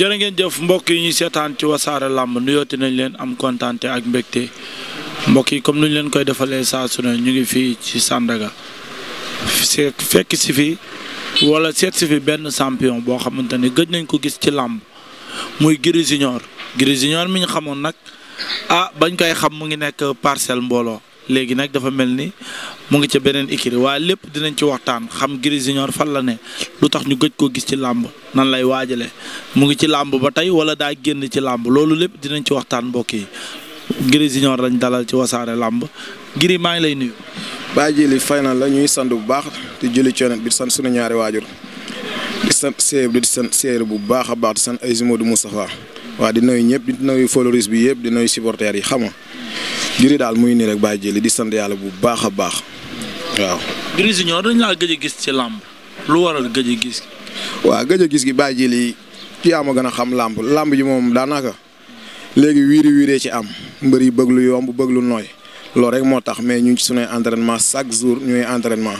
jërë ngeen jëf mbokk yi ñuy seetaan ci wasaare làmb nuyooti nañ leen am kontaante ak mbégte mbokk yi comme nuñ leen koy defalee saa su ñu ngi fii ci Sandaga seet fekk si fii wala seet si fi benn champion boo xamante ne gëj nañ ko gis ci làmb muy Gris Junior Gris Junior mi ñu xamoon nag ah bañ koy xam mu ngi nekk parcelle mbooloo léegi nag dafa mel ni mu ngi ca beneen écurie waaye lépp dinañ ci waxtaan xam Gris Junior fan la ne lu tax ñu gëj koo gis ci làmb nan lay waajalee mu ngi ci làmb ba tey wala daa génn ci làmb loolu lépp dinañ ci waxtaan mbokk yi Gris Junior lañ dalal ci wasaare làmb Gris maa ngi lay nuyu. baa ji li fay na la ñuy sant bu baax di julli ci bi sant sunu ñaari waajur di sant séeréer bi bu baax a baax di sant ay Modou Moustapha waa di nuyu ñëpp di nuyu followers bi yëpp di nuyu supporters yi xam nga Gris daal muy nii rek baa di sant yàlla bu baax a baax. waaw. Gris Junior dañ laa gëj gis ci làmb lu waral gëj a gis. waaw gëj a gis gi bàyyi ji lii yaa gën a xam làmb làmb ji moom daanaka léegi wiiri wiiree ci am mbër yi bëgg lu yomb bëgg lu nooy loolu rek moo tax mais ñu ngi ci suñuy entraînement chaque jour ñuy entraînement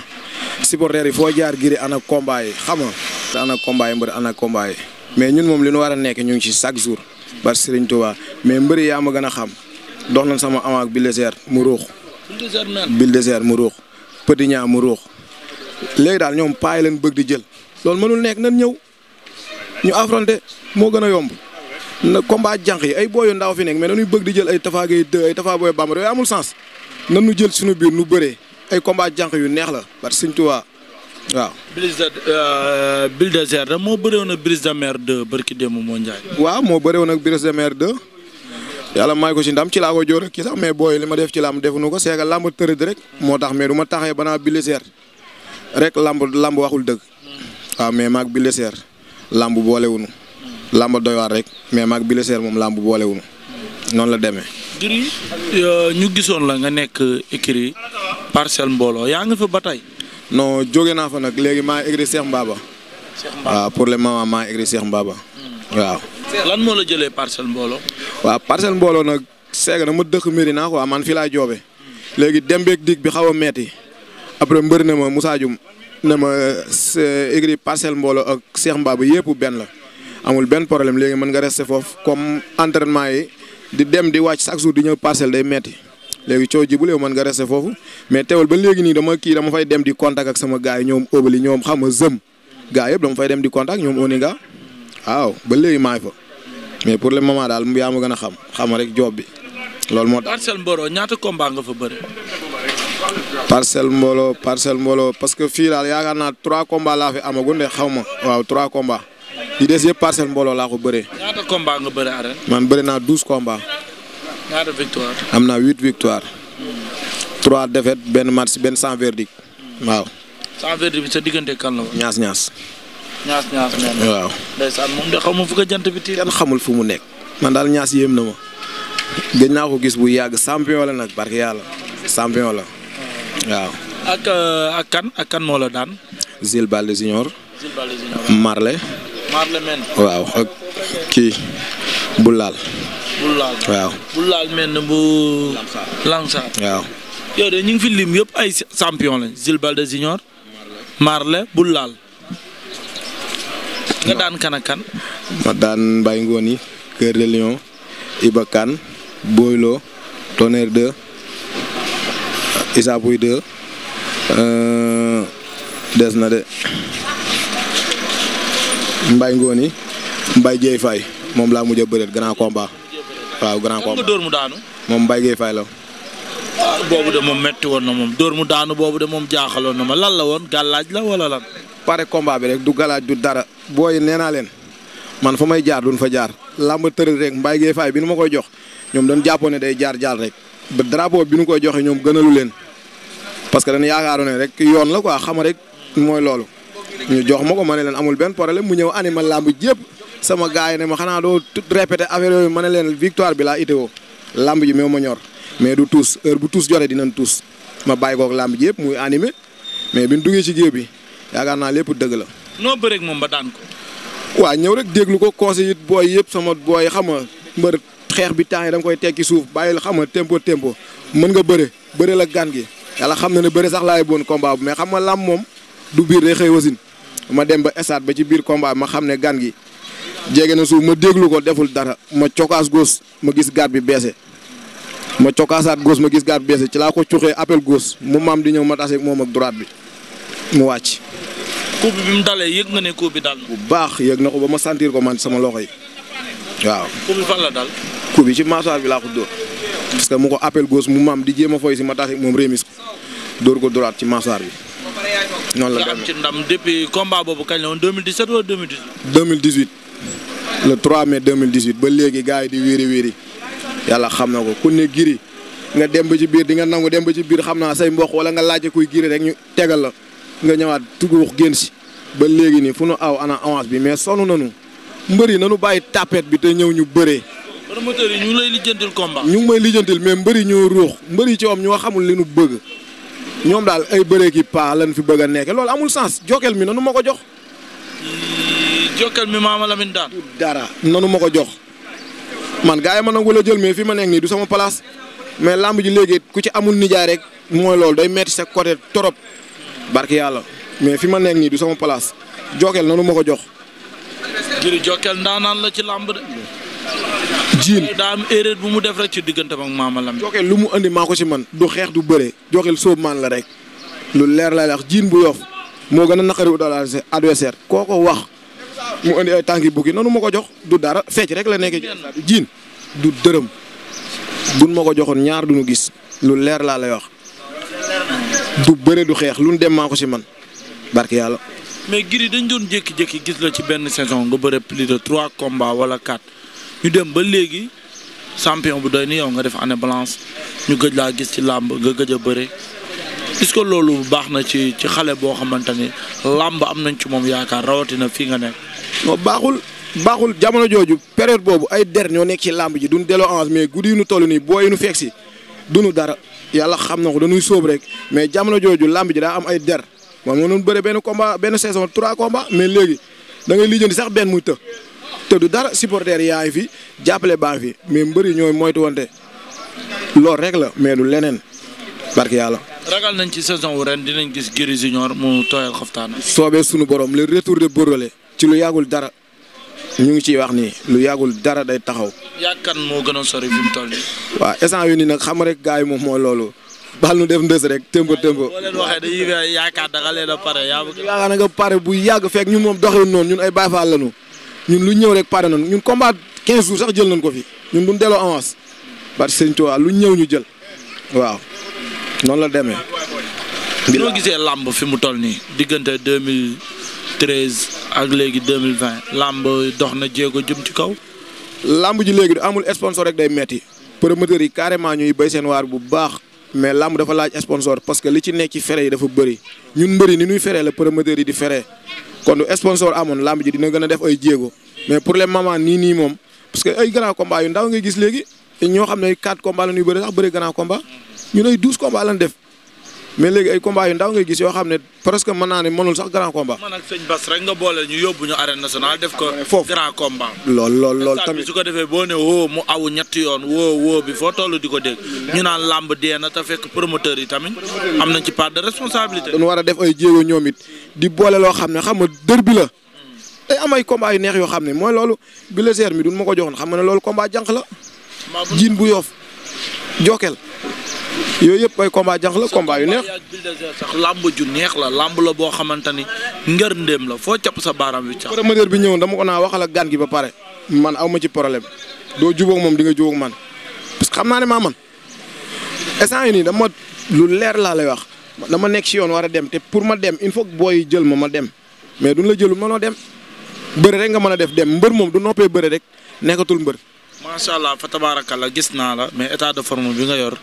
supporters yi foo jaar Gris an combat yi xam nga te ana combat yi mbër ana combat yi mais ñun moom li nu war a nekk ñu ngi ci chaque jour bar Serigne Touba mais mbër yi yaa ma gën a xam dox na sama amaak Bulldozer mu ruux. Bulldozer mu ruux. petit ñaa mu ruux léegi daal ñoom paa yi leen bëgg di jël loolu mënul nekk nan ñëw ñu affronté moo gën a yomb na combat jànq yi ay booyu ndaw fi nekk mais dañuy bëgg di jël ay Tafa Gueye 2 ay Tafa Boy Bambara yooyu amul sens nan ñu jël suñu biir nu bëree ay combat janq yu neex la parce que Sëñ Tuubaa waaw. Bulldozer euh, moo bëre woon ak Brise de Mer 2 barki yàlla may ko si ndam ci laa ko jóor ki sax mais booy li ma def ci làmb defuñu ko c'est que làmb tërëd rek moo tax mais du ma taxee banaa biliseer rek làmb làmb waxul dëgg mais maag biliseer làmb boolewuñu làmb doy waar rek mais maag biliseer moom làmb boolewuñu noonu la demee. Euh, ñu gisoon la nga nekk écrit parcelle mbooloo yaa nga fa ba tey. non jóge naa fa nag léegi maa écrit Cheikh Mbaba. Cheikh Mbaba waaw pour le moment maa écrit hmm. waaw. lan moo la jëlee parcelle mbooloo. waaw parcelle mbooloo nag seega ma dëkk Mérina quoi man fi laa joobee léegi dem beeg dig bi xaw a metti après mbëri na ma Moussa Dioum ne ma égre parcelle mboolo ak Cheikh Mbaba yëpp benn la amul benn problème léegi mën nga reste foofu comme entraînement yi di dem di wàcc chaque jour di ñëw parcelle day metti léegi coow ji bu léew mën nga rester foofu mais teewal ba léegi nii dama kii dama fay dem di contact ak sama gars yi ñoom óobali ñoom xam nga zëm gars yëpp dama fay dem di contact ñoom Oninga waaw ba léegi maa ngi mais pour le moment daal yaa ma gën a xam xam rek job bi lool moo tax. parcelle mbooloo ñaata combat nga fa bëre. parcelle mbooloo parcelle mbooloo parce que fii daal yaakaar naa trois combats laa fi amagun de xaw ma waaw trois combats di des yëpp parcelle mbooloo laa ko bëree. ñaata combat nga bëre man bëri naa douze combats. ñaata victoire. am naa huit victoire. trois défaites benn match benn sans verdict. waaw. sans verdict bi sa diggante kan la woon. ñaas ñaas. ñaas waaw moom de xaw ma fu jant bi tiir kenn xamul fu mu nekk man daal ñaas yéem na ma gëj naa ko gis bu yàgg champion la nag barke yàlla champion la waaw ak euh, ak kan ak kan moo la daan bul laal waaw bul laal mel bu. Langsar waaw. yow de ñu ngi fi lim yëpp ay sampion lañ Zil Balde Junior. Marle bul laal. nga daan kan kan. ma daan Mbaye Ngoni Cœur de Lion Iba Kane Boylo Tonnerre 2 Issa Pouye euh, des na de Mbaye Ngoni Mbaye Dieye fay moom laa mujj a bëreet grand combat. waaw grand combat mu daanu. moom Mbaye Dieye Faye la. Ah, boobu de moom metti woon na moom dóor mu daanu boobu de moom jaaxaloon na ma lan la woon gàllaaj la wala lan. pare combat bi rek du galaaj du dara booy nee leen man fa may jaar duñ fa jaar làmb tëral rek mbay gee faay bi nu ma koy jox ñoom dañ jàppoon ne day jaar jaar rek ba drapeau bi nu koy joxe ñoom gënalu leen parce que dañ yaakaaroon ne rek yoon la quoi xama rek mooy loolu. ñu jox ma ko ma ne leen amul benn problème mu ñëw animal làmb jépp sama gars yi ne ma xanaa doo répété affaire yooyu ma ne leen victoire bi laa itteewoo làmb ji moom ma ñor mais du tuus heure bu tuus jotee dinañ tuus ma bàyyi koog làmb ji yëpp muy animé mais bin ñu duggee ci géew bi. yaakaar naa lépp dëgg la. noo bëreeg moom ba daan ko. waaw ñëw rek déglu ko conseil it booy yëpp sama booy xam nga mbër xeex bi temps yi da koy tekki suuf bàyyil xam nga tempo tempo mën nga bëre bëre la gan gi yàlla xam na ne bëre sax laay boon combat bu mais xam nga làmb moom du biir xëy wasin ma dem ba stade ba ci biir combat ma xam ne gan gi jege na suuf ma déglu ko deful dara ma cokaas góos ma gis gaat bi beese ma cokaasaat góos ma gis gaat bi beese ci laa ko cuxee appel góos mu maam di ñëw ma tase moom ak droite bi. mu wàcc. coup bi bi mu dalee yëg nga ne coup bi dal bu baax yëg na ko ba ma sentir ko man sama loxo yi waaw. coup bi fan la dal. coup bi ci mâchoire bi laa ko dóor. parce mu ko appel gauche mu maam di jéem a foy si ma tax moom remis ko dóor ko droite ci mâchoire bi. la ci ndam depuis combat boobu kañ la woon 2017 wala 2018. 2018 le 3 mai ba léegi gars yi di wéeri wéeri yàlla xam na ko ku ne giri nga dem ba ci biir di nga nangu dem ba ci biir xam naa say mboq wala nga laajte kuy giri rek ñu tegal la. nga ñëwaat tuguux génn si ba léegi nii fu nu aw ana avance bi mais sonn nañu mbër yi nañu bàyyi tapet bi te ñëw ñu bëree. promoteurs yi ñu lay lijjantil combat. ñu ngi may lijjantil mais mbër yi ñoo ruux mbër yi ci am ñoo xamul nu bëgg ñoom daal ay bëree ki paa lañ fi bëgg a nekk loolu amul sens jokel mi nanu ma ko jox. jokel mi maama Lamine daan. dara nanu ma ko jox man gars yi ma nangu la jël mi fi ma nekk nii du sama place mais làmb ji léegi ku ci amul nijaay rek mooy loolu day metti sa côté trop. barki yàlla mais fi ma nekk nii du sama place jokel nanu ma ko jox. ngir jokel ndaanaan la ci làmb de. jiin daa am erreur bu mu def rek ci diggante ak Mama Lamine. jokel lu mu andi maa ko si man du xeex du bëre jokel sóob maan la rek lu leer lay wax jiin bu yof moo gën a naqari udalaase adversaire koo ko wax mu andi ay tànki bukki nanu ma ko jox du dara fecc rek la nekk jiin du dërëm buñ ma ko joxoon ñaar duñu gis lu leer laa lay wax. du bëre du xeex lu nu dem maa ko si man barke yàlla. mais Gris dañ doon jékki-jékki gis la ci benn saison nga bëre plus de trois combats wala quatre ñu dem ba léegi sampion bu doy ni yow nga def année blanche ñu gëj laa gis ci làmb nga gëj a bëre est-ce que loolu baax na ci ci xale boo xamante ni làmb am nañ ci moom yaakaar rawatina fii nga ne non baaxul baaxul jamono jooju période boobu ay der ñoo nekk ci làmb ji duñ delloo avance mais guddi nu toll nii boo yu nu fekk si duñu dara yàlla xam na ko dañuy sóob rek mais jamono jooju làmb ji daa am ay der man ma doon bëre benn combat benn saison trois combat mais léegi da ngay lijjanti sax benn muy të te du dara supporter yaay fi jàppale baa fi mais mbëri ñooy moytu wante loolu rek la mais du leneen barke yàlla. ragal nañ ci saison wu ren dinañ gis Gris Junior mu tooyal xaftaan. soobee sunu borom le retour de Borolé ci lu yàggul dara. ñu ngi ciy wax ni lu yàggul dara day taxaw. yaakaar moo gën a sori fi mu toll nii. waaw instant yu nii nag xam rek gars yi moom mooy loolu. baal nu def ndës rek tëmb tëmb. boo leen yaakaar da nga leen a pare yaa yaakaar bu yàgg fekk ñu moom doxewul noonu ñun ay Baay Faal lañu ñun lu ñëw rek pare nañu ñun combat 15 jours sax jël nañ ko fi ñun duñ delloo avance. parce que sëñ Tuubaa lu ñëw ñu jël. waaw noonu la demee. bi noo gisee làmb fi mu toll nii diggante 2000. 2013 ak léegi 2020 làmb dox na jéego jëm ci kaw. làmb ji léegi du amul sponsor rek day metti promoteurs yi carrément ñuy bay seen waar bu baax mais làmb dafa laaj sponsor parce que li ci nekk ci fere yi dafa bëri ñun mbëri ni ñuy feree la promoteurs yi di feree kon du sponsor amoon làmb ji dina gën def ay jéego mais pour le moment nii nii moom parce que ay grand combat ndaw nga gis léegi ñoo xam ne 4 combat la ñuy bëri sax bëri grand combat ñun ay 12 combat mais léegi ay combat yu ndaw ngay gis yoo xam ne presque mën naa ne mënul sax grand combat. man ak sëñ Bass rek nga ñu yóbbu ñu arène nationale def ko. foofu grand lool lool lool tamit su ko defee boo ne woo mu aw ñetti yoon woo woo bi foo toll di ko dégg. ñu naan làmb dee na fekk promoteur yi tamit am na ci part de responsabilité. dañu war a def ay jéego ñoom it di boole loo xam ne xam nga dër bi la. day am ay combat yu neex yoo xam ne mooy loolu blessure mi duñ ma ko joxoon xam nga ne loolu combat jànq la. jiin bu yoof jokkel yooyu yëpp koy combat jànq la combat yu neex. sax làmb ju neex la làmb la boo xamante ni ngër ndéem la foo capp sa baaraam wi cax. promoteur bi ñëwoon dama ko naa waxal ak gan gi ba pare man aw ma ci problème doo jubook moom di nga jubóog man parce que xam naa ne maa man instant yii nii dama lu leer laa lay wax dama nekk ci yoon war a dem te pour ma dem il foog booy jël ma ma dem mais duñ la jëlu a dem bëri rek nga mën a def dem mbër moom du noppee bëri rek nekkatul mbër. macha allah fa tabaarakalla gis naa la mais état de forme bi nga yor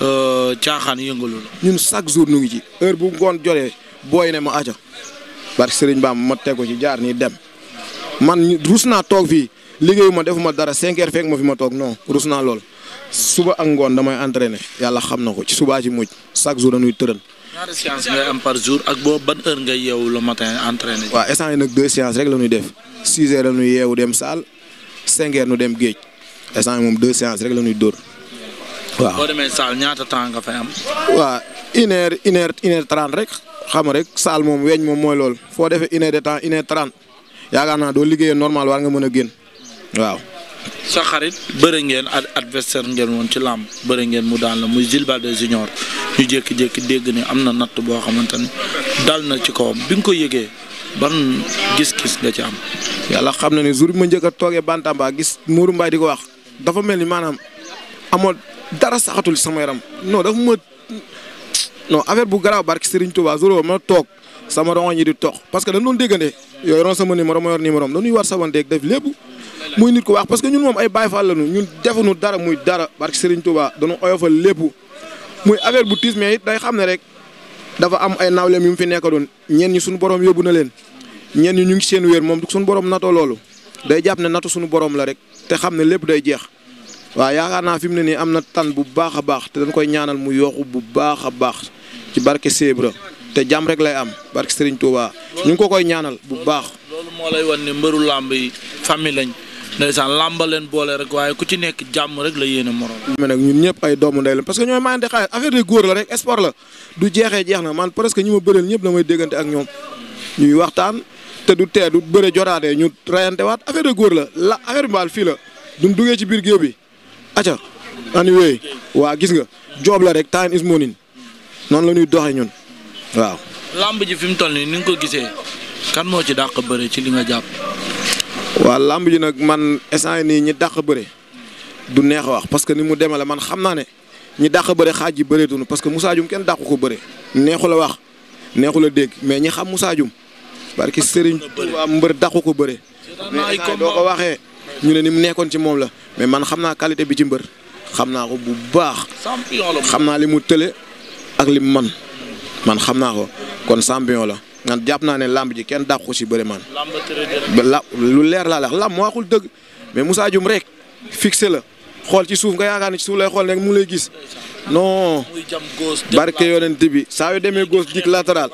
euh, caaxaan yëngalu la. ñun chaque jour nu ngi ci heure bu ngoon jotee booy ne ma aca barke sëriñ baam ma teg ko ci jaar nii dem man rus naa toog fii liggéeyu ma defuma dara 5 heures fekk ma fi ma toog non rus naa lool suba ak ngoon damay entraîner yàlla xam na ko ci subaa ci muj chaque jour nuy tërën. ñaari par jour ak boobu ban heure ngay yeewu le matin entraîner. waa instant yi nag deux séances rek la ñuy def 6 heures la ñuy saal 5 dem géej. instant moom deux séances rek la ñuy dóor waaw. boo demee saal ñaata temps nga fay am. waaw une heure une heure une heure trente rek xam rek saal moom weñ moom mooy lool foo defee une heure de temps une heure trente yaakaar naa doo liggéeyee normal war nga mën a génn waaw. sa xarit bëri ngeen ad ngeen woon ci làmb bëri ngeen mu daan la muy Jules de Junior ñu jékki-jékki dégg ni am na natt boo xamante ni dal na ci kawam bin nga ko yëgee ban gis-gis nga ci am. yàlla xam na ne jour ma njëkk toogee Bantamba gis Mourou Mbaye di ko wax dafa mel ni maanaam amoo dara saxatul sama yaram non dafa ma non affaire bu garaaw barki Serigne Touba zoro ma toog sama rongo ñi di toog parce que dañ doon déggante yooyu ron sama numéro ma yor numéro am dañuy war sabanteeg def lépp muy nit ku wax que ñun moom ay Baay Faal lañu ñun defuñu dara muy dara barki Serigne oyofal lépp muy affaire bu tiis mais day xam ne rek dafa am ay nawleem yu mu fi nekk doon ñenn ñi suñu borom yóbbu na leen ñenn ñi ñu ngi seen wéer moom suñu borom natoo loolu. day jàpp ne natu suñu boroom la rek te xam ne lépp day jeex waaw yaakaar naa fi mu ne nii am na tan bu baax a baax te dañ koy ñaanal mu yooxu bu baax a baax ci barke Sébra te jàmm rek lay am barke Serigne Touba ñu ngi ko koy ñaanal bu baax. loolu moo lay wan ne mbëru làmb yi famille lañ ndeysaan làmba leen boole rek waaye ku ci nekk jàmm rek la yéene morom. mais nag ñun ñëpp ay doomu ndey la parce que ñooy mayante xaalis affaire de góor la rek sport la du jeexee jeex na man presque ñi ma bëreel déggante ak ñoom ñuy waxtaan. te du tee du bëre jotaatee ñu rayante waat affaire de góor la la affaire bi baal fii la duñ duggee ci biir géew bi aca ani wéy waa gis nga joob la rek time is morning noonu la ñuy doxee ñun waaw. lamb ji fi mu toll nii ni ko gisee kan moo ci dàq bëre ci li nga jàpp. waaw lamb ji nag man instant yii nii ñi dàq bëre du neex a wax parce que ni mu demee la man xam naa ne ñi dàq bëre xaaj ji bëreetuñu parce que Moussa Dioum kenn dàqu ko bëre neexu la wax neexu la dégg mais ñi xam Moussa barki sëriñ Tuubaa mbër daqu ko bëre mais doo ko waxee ñu ne ni mu nekkoon ci moom la mais man xam naa qualité bi ci mbër xam naa ko bu baax xam naa li mu tële ak li mu man man xam naa ko kon champion la man jàpp naa ne lamb ji kenn dàqu ko si bëri man la lu leer laa la lamb moo waaxul dëgg mais Moussa Dioum rek fixé la xool ci suuf nga yaakaar ne suuf lay xool rek mu lay gis non barke yonent bi saa yu demee gauche dik latéral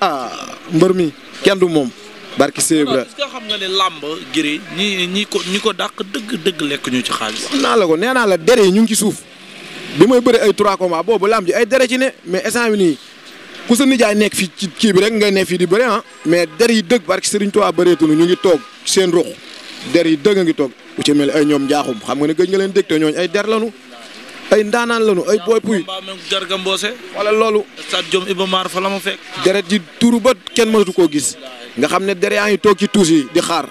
ah mbër mi kenn du moom barke Sèvres. est-ce xam nga ne làmb giri ñi ñi ko ñi ko dàq dëgg dëgg lekk ñu ci xaalis. wax naa la ko nee naa la dere yi ñu ngi ci suuf bi may bëree ay trois combats boobu làmb ji ay dere ci ne mais instant bi nii ku sa nijaay nekk fii ci kii bi rek ngay ne fii di bëri ah mais der yi dëgg barke Serigne Touba bëreetunu ñu ngi toog seen ruq der yi dëgg a ngi toog ku ci mel ay ñoom jaaxum xam nga ne gëj nga leen dégg te ñooñu ay der lanu ay ndaanaan lañu ay booy puy. garga mboose. wala loolu. stade Jom Iba Mar fa la ma fekk. deret ji turu ba kenn mënatu koo gis nga xam ne deret yaa ngi toog ci tuus yi di xaar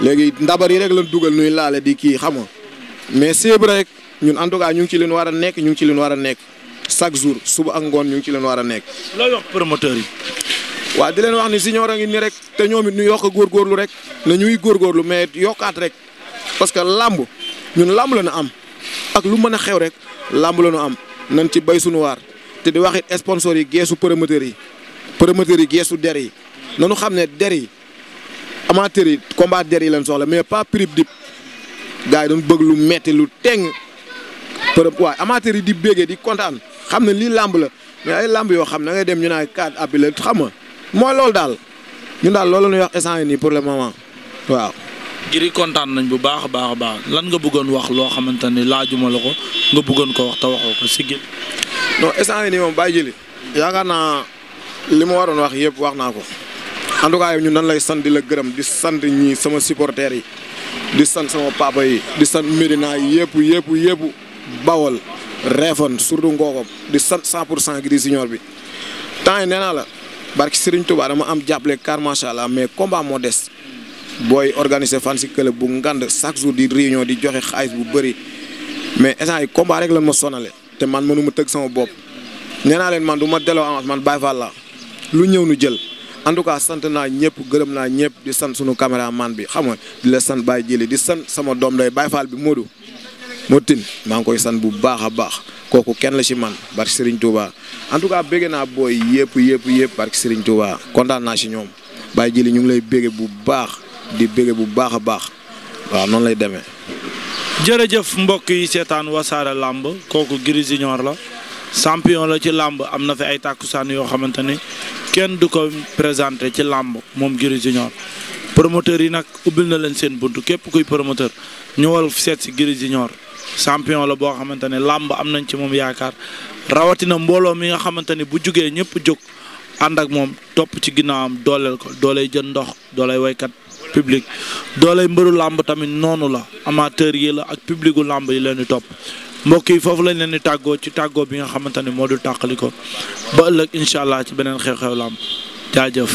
léegi ndabar yi rek la dugal nuy laale di kii xamoo mais seeb rek ñun en tout cas ñu ngi ci leen war a nekk ñu ngi ci leen war a nekk chaque jour suba a ngoon ñu ngi ci leen war a nekk. looy wax promoteur yi. waaw di leen wax ni si ñoo ngi nii rek te ñoom it ñu yokk góorgóorlu rek na ñuy góorgóorlu mais yokkaat rek parce que làmb ñun làmb la na am ak lu mën a xew rek làmb la ñu am nañ ci bay suñu waar te di wax it yi geesu promoteurs yi promoteurs yi geesu der yi nanu xam ne der yi amateurs yi combat der yi lañ soxla mais pas prib dip gars yi dañu bëgg lu metti lu teng përëm waay amateurs yi di béggee di kontaan xam ne lii làmb la mais ay làmb yoo xam ne da ngay dem ñu naa cadre ab bi la mooy loolu daal ñu daal loolu la ñuy wax instant nii pour le moment waaw. Gris kontaan nañ bu baax a baax a baax lan nga bëggoon wax loo xamante ni laajuma la ko nga buggoon ko wax te waxoo ko si Gris. non instant yii nii moom bàyyi jëli yaakaar naa li ma waroon wax yëpp wax naa ko en tout cas ñun nan lay sant di la gërëm di sant ñi sama supporters yi di sant sama papa yi di sant Médina yëpp yëpp yëpp Bawol Réfane surtout Ngookom di sant 100 pour cent Gris Junior bi temps yi nee naa la barki Serigne Touba dama am jàppale car macha allah mais combat moo des. booy organiser fan si club bu ngand chaque jour di réunion di joxe xaalis bu bëri mais instant yi combat rek la ma sonale te man mënu ma tëgg sama bopp nee naa leen man du ma delloo man Baye Fall la lu ñëw nu jël en tout cas sant naa ñëpp gërëm naa ñëpp di sant sunu caméraman bi xam di la san Baye Jili di san sama doom day Baye Fall bi Modou Motin maa ngi koy san bu baax a baax kooku kenn la si man barki Serigne Touba en tout cas bëgg naa booy yëpp yëpp yëpp barki Serigne Touba kontaan naa ci ñoom Baye Jili ñu ngi lay bëgg bu baax. di bëgge bu baax a baax waaw noonu lay demee. jërëjëf mbokk yi seetaan wasaare làmb kooku Gris Junior la sampion la ci làmb am na fi ay tàkkusaan yoo xamante ni kenn du ko présenté ci làmb moom Gris Junior promoteur yi nag ubbil na leen seen bunt képp kuy promoteur ñëwal seet si Gris Junior champion la boo xamante ne làmb am nañ ci moom yaakaar rawatina mbooloo mi nga xamante ni bu jógee ñëpp jóg ànd ak moom topp ci ginnaawam dooleel ko doolay jën ndox doolay waykat public dooley mbëru làmb tamit noonu la amateur yi la ak publiku làmb yi leen di topp mbokk yi foofu lañ leen di tàggoo ci tàggoo bi nga xamante ne moo dul tàqali ko ba ëllëg incha allah ci beneen xew-xew làmb jaajëf.